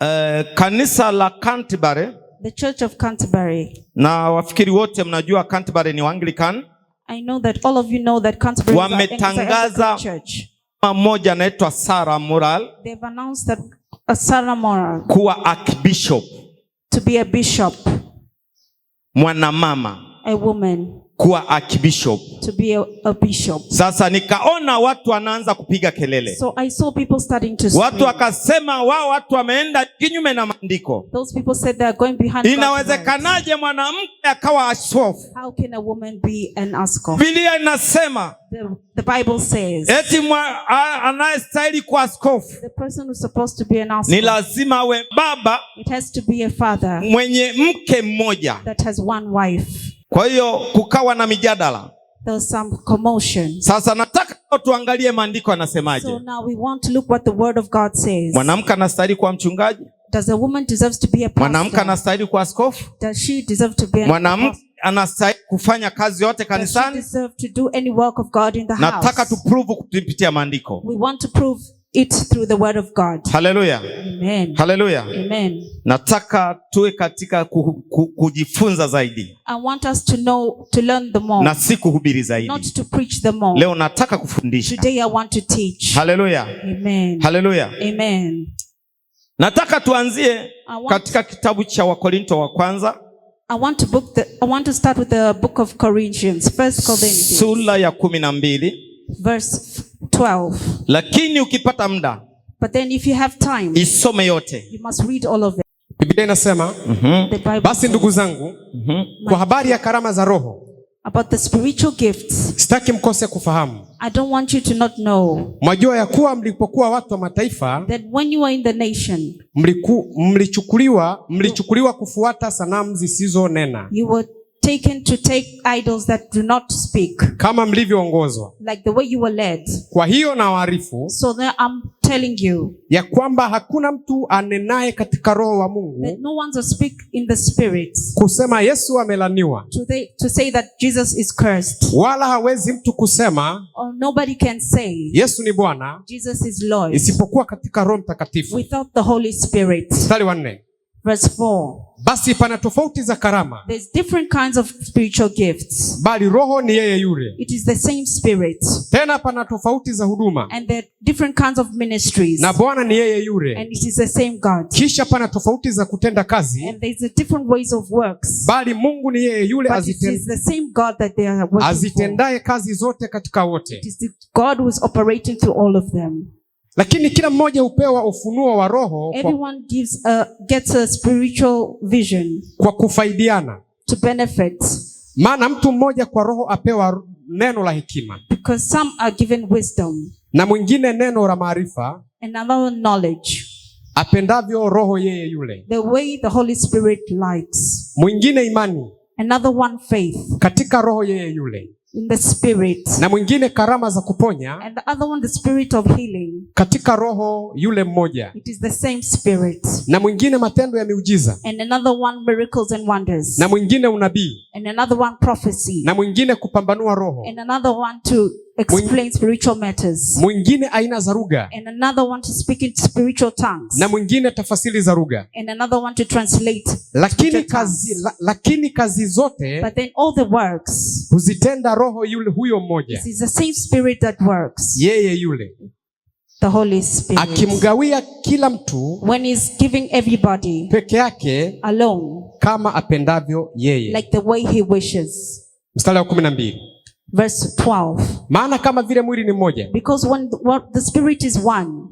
Eh, kanisa la Canterbury, The Church of Canterbury. Na wafikiri wote mnajua Canterbury ni Anglican. I know that all of you know that Canterbury is an Anglican church. wametangaza mmoja anaitwa Sarah Moral. They've announced that a uh, Sarah Moral kuwa archbishop. To be a bishop. Mwanamama. A woman kuwa archbishop. To be a, a bishop. Sasa nikaona watu wanaanza kupiga kelele. So I saw people starting to watu wakasema wao watu wameenda kinyume na maandiko. Those people said they are going behind. Inawezekanaje mwanamke akawa askofu? How can a woman be an askof? Biblia inasema The, the Bible says, eti mwa anayestahili kuwa askofu ni lazima awe baba It has to be a father. mwenye mke mmoja that has one wife. Kwa hiyo kukawa na mijadala. Some commotion. Sasa nataka tuangalie maandiko yanasemaje. So now we want to look what the word of God says. Mwanamke anastahili kuwa mchungaji? Does a woman deserves to be a pastor? Mwanamke anastahili kuwa askofu? Does she deserve to be Mwanamke anastahili kufanya kazi yote kanisani? Does she deserve to do any work of God in the house? Nataka tuprove kupitia maandiko. We want to prove It through the word of God. Hallelujah. Amen. Hallelujah. Amen. Nataka tuwe katika ku, ku, kujifunza zaidi. I want us to know, to learn the more. Na si kuhubiri zaidi. Not to preach the more. Leo nataka kufundisha. Today I want to teach. Hallelujah. Amen. Hallelujah. Amen. Nataka tuanzie katika kitabu cha Wakorinto wa kwanza I want to book the, I want to start with the book of Corinthians, First Corinthians. Sura ya kumi Verse 12. Lakini ukipata muda But then if you have time, isome yote. You must read all of it. Biblia inasema mm -hmm. Basi ndugu zangu mm -hmm. kwa habari ya karama za Roho About the spiritual gifts. Sitaki mkose kufahamu. I don't want you to not know. Mwajua ya kuwa mlipokuwa watu wa mataifa, that when you are in the nation, mliku, mlichukuliwa, mlichukuliwa kufuata sanamu zisizonena. You were taken to take idols that do not speak. Kama mlivyoongozwa. Like the way you were led. Kwa hiyo nawaarifu. So there I'm telling you. Ya kwamba hakuna mtu anenaye katika roho wa Mungu. That no one will speak in the spirit. Kusema Yesu amelaniwa. To, they, to say that Jesus is cursed. Wala hawezi mtu kusema. Or nobody can say. Yesu ni Bwana. Jesus is Lord. Isipokuwa katika Roho Mtakatifu. Without the Holy Spirit. Mstari wa nne. Verse 4. Basi pana tofauti za karama. There's different kinds of spiritual gifts. Bali roho ni yeye yule. It is the same spirit. Tena pana tofauti za huduma. And there are different kinds of ministries. Na Bwana ni yeye yule. And it is the same God. Kisha pana tofauti za kutenda kazi. And there's a different ways of works. Bali Mungu ni yeye yule aziten... it is the same God that they are working azitendaye kazi zote katika wote. It is the God who is operating through all of them. Lakini kila mmoja hupewa ufunuo wa Roho gets a vision. Kwa kufaidiana. To benefit. Maana mtu mmoja kwa Roho apewa neno la hekima. Because some are given wisdom. Na mwingine neno la maarifa. another knowledge. Apendavyo Roho yeye yule. The way the Holy Spirit likes. Mwingine imani. Another one faith. Katika Roho yeye yule in the spirit. Na mwingine karama za kuponya. And the other one, the spirit of healing. Katika roho yule mmoja. It is the same spirit. Na mwingine matendo ya miujiza. And another one, miracles and wonders. Na mwingine unabii. Na mwingine kupambanua roho. And another one to explain spiritual matters. Mwingine aina za ruga. And another one to speak in spiritual tongues. Na mwingine tafasili za ruga. And another one to translate. Lakini kazi la, lakini kazi zote But then all the works. Huzitenda roho yule huyo mmoja. This is the same spirit that works. Yeye yule. The Holy Spirit. Akimgawia kila mtu When he's giving everybody peke yake alone kama apendavyo yeye. Like the way he wishes. Mstari wa 12. Verse 12. Maana kama vile mwili ni mmoja.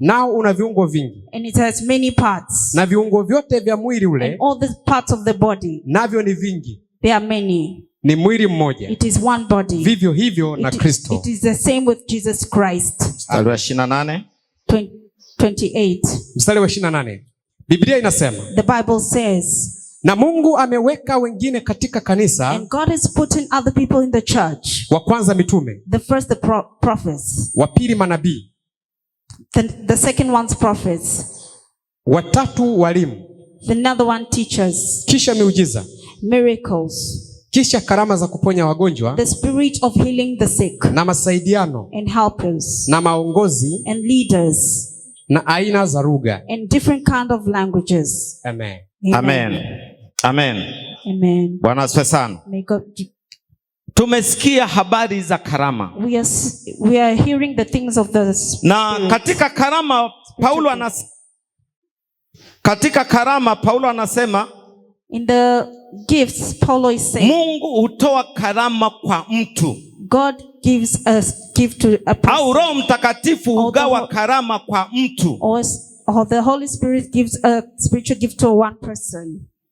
Nao una viungo vingi. And it has many parts. Na viungo vyote vya mwili ule. And all the parts of the body. Navyo ni vingi. are many. Ni mwili mmoja. It is one body. Vivyo hivyo it na Kristo. It is the same with Jesus Christ. Mstari wa Mstari wa 28. Biblia inasema. The Bible says na Mungu ameweka wengine katika kanisa. And God is putting other people in the church. Wa kwanza mitume, the first the pro prophets. Wa pili manabii, the, the second one's prophets. Watatu walimu, another one teachers. Kisha miujiza, miracles. Kisha karama za kuponya wagonjwa, the spirit of healing the sick. Na masaidiano and helpers. Na maongozi and leaders. Na aina za lugha and different kind of languages. Amen. Amen. Amen. Amen. Amen. Bwana asifiwe sana. Tumesikia habari za karama. We are, we are hearing the things of the na katika karama Paulo anas, katika karama Paulo anasema In the gifts, Paulo is saying, Mungu hutoa karama kwa mtu God gives a gift to a person. Au Roho Mtakatifu hugawa karama kwa mtu or the Holy Spirit gives a spiritual gift to one person.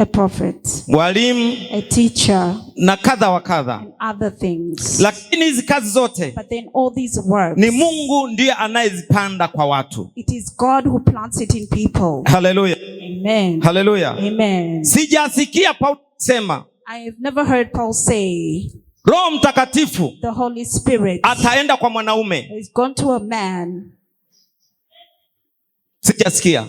a prophet, mwalimu, a teacher, na kadha wa kadha, Lakini hizi kazi zote But then all these works, ni Mungu ndiye anayezipanda kwa watu. It Sijasikia Paul sema Roho Mtakatifu ataenda kwa mwanaume. Sijasikia.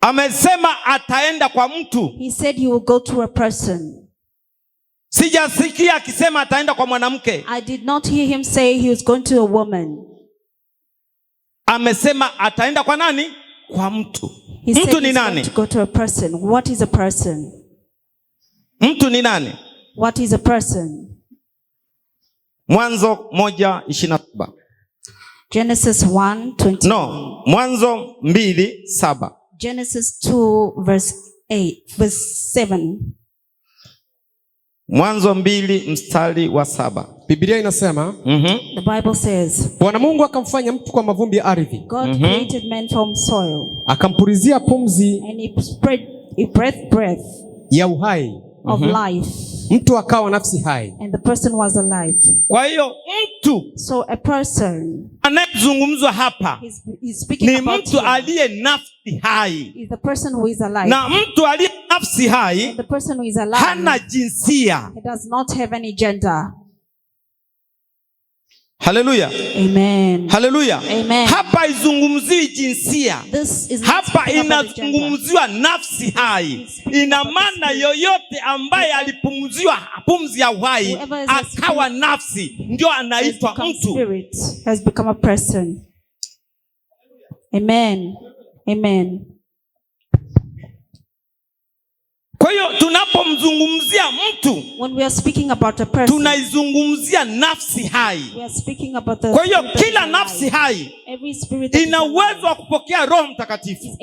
Amesema ataenda kwa mtu. He said he will go to a person. Sijasikia akisema ataenda kwa mwanamke. I did not hear him say he was going to a woman. Amesema ataenda kwa nani? Kwa mtu. He mtu ni nani? To go to a person. What is a person? Mtu ni nani? What is a person? Mwanzo moja ishirini na saba. Genesis 1:20. No, Mwanzo mbili saba. Genesis 2 verse 8, verse 7. Mwanzo mbili mstari wa saba. Biblia inasema mm -hmm. The Bible says, Bwana Mungu akamfanya mtu kwa mavumbi ya ardhi. God mm -hmm. created man from soil. Akampulizia pumzi And he spread, he breath, breath ya uhai of mm -hmm. life. Mtu akawa nafsi hai. And the person was alive. Kwa hiyo mtu so anayezungumzwa hapa ni mtu aliye nafsi hai, na mtu aliye nafsi hai hana jinsia. Haleluya. Amen. Haleluya. Amen. Hapa izungumzii jinsia. Hapa inazungumziwa nafsi hai. Ina maana yoyote ambaye alipumziwa pumzi ya uhai akawa nafsi ndio anaitwa mtu. Has become a person. Amen. Amen. Kwa hiyo tunapomzungumzia mtu tunaizungumzia nafsi hai. Kwa hiyo kila nafsi hai ina uwezo wa kupokea Roho Mtakatifu.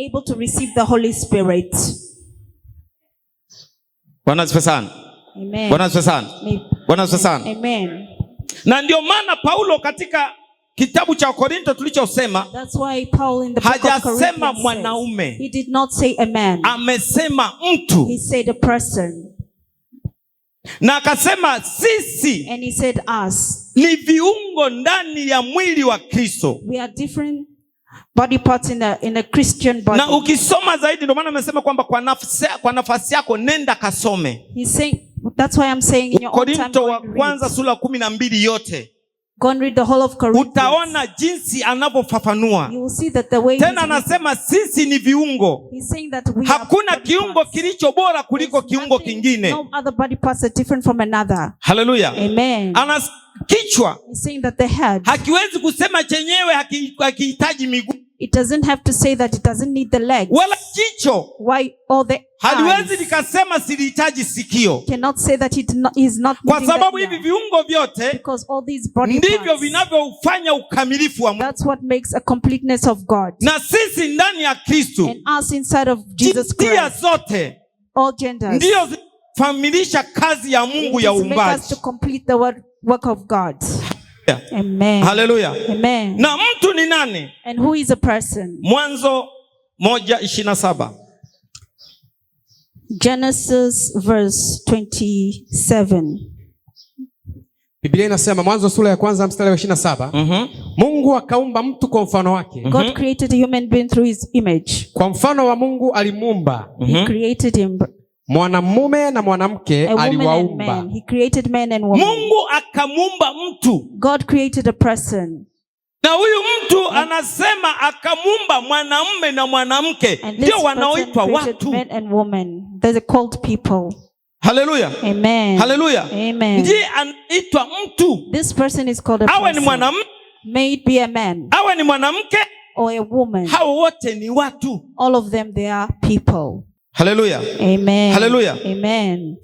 Bwana asifiwe sana. Bwana asifiwe sana. Bwana asifiwe sana. Na ndio maana Paulo katika Kitabu cha Korinto tulichosema hajasema mwanaume, Amesema mtu. He said a Na akasema sisi And he said us. Ni viungo ndani ya mwili wa Kristo. body parts in a, in a Christian body. Na ukisoma zaidi ndio maana amesema kwamba kwa nafasi, kwa nafasi yako nenda kasome. Korinto wa kwanza sura kumi na mbili yote and read the whole of Corinthians. Utaona jinsi anavyofafanua tena, anasema sisi ni viungo. Hakuna kiungo kilicho bora kuliko kiungo kingine. No other body parts are different from another. Hallelujah. Amen. Anas, kichwa hakiwezi kusema chenyewe hakihitaji miguu It doesn't have to say that it doesn't need the legs. Wala jicho. Why or the haliwezi likasema silihitaji sikio. Cannot say that it no, is not kwa sababu hivi viungo vyote ndivyo vinavyofanya ukamilifu wa That's what makes a completeness of God. Na sisi ndani ya Kristo. And zote. All genders. Ndio kukamilisha kazi ya Mungu ya uumbaji. Na mtu ni nani? And who is a person? Mwanzo moja ishirini saba. Genesis verse 27. Biblia inasema Mwanzo sura ya kwanza mstari wa 27. saba mhm. Mungu akaumba mtu kwa mfano wake. God mhm. created a human being through his image. Kwa mfano wa Mungu alimuumba. He mhm. created him. Mwanamume na mwanamke aliwaumba. Mungu akamuumba mtu. God created a person na huyu mtu anasema akamuumba mwanamume na mwanamke, ndio wanaoitwa watu. Haleluya. Haleluya. Amen. Ndiye anaitwa mtu. Awe ni mwanamme Awe ni mwanamke. Or a woman. Hao wote ni watu. All of them they are people. Haleluya. Amen. Haleluya. Amen.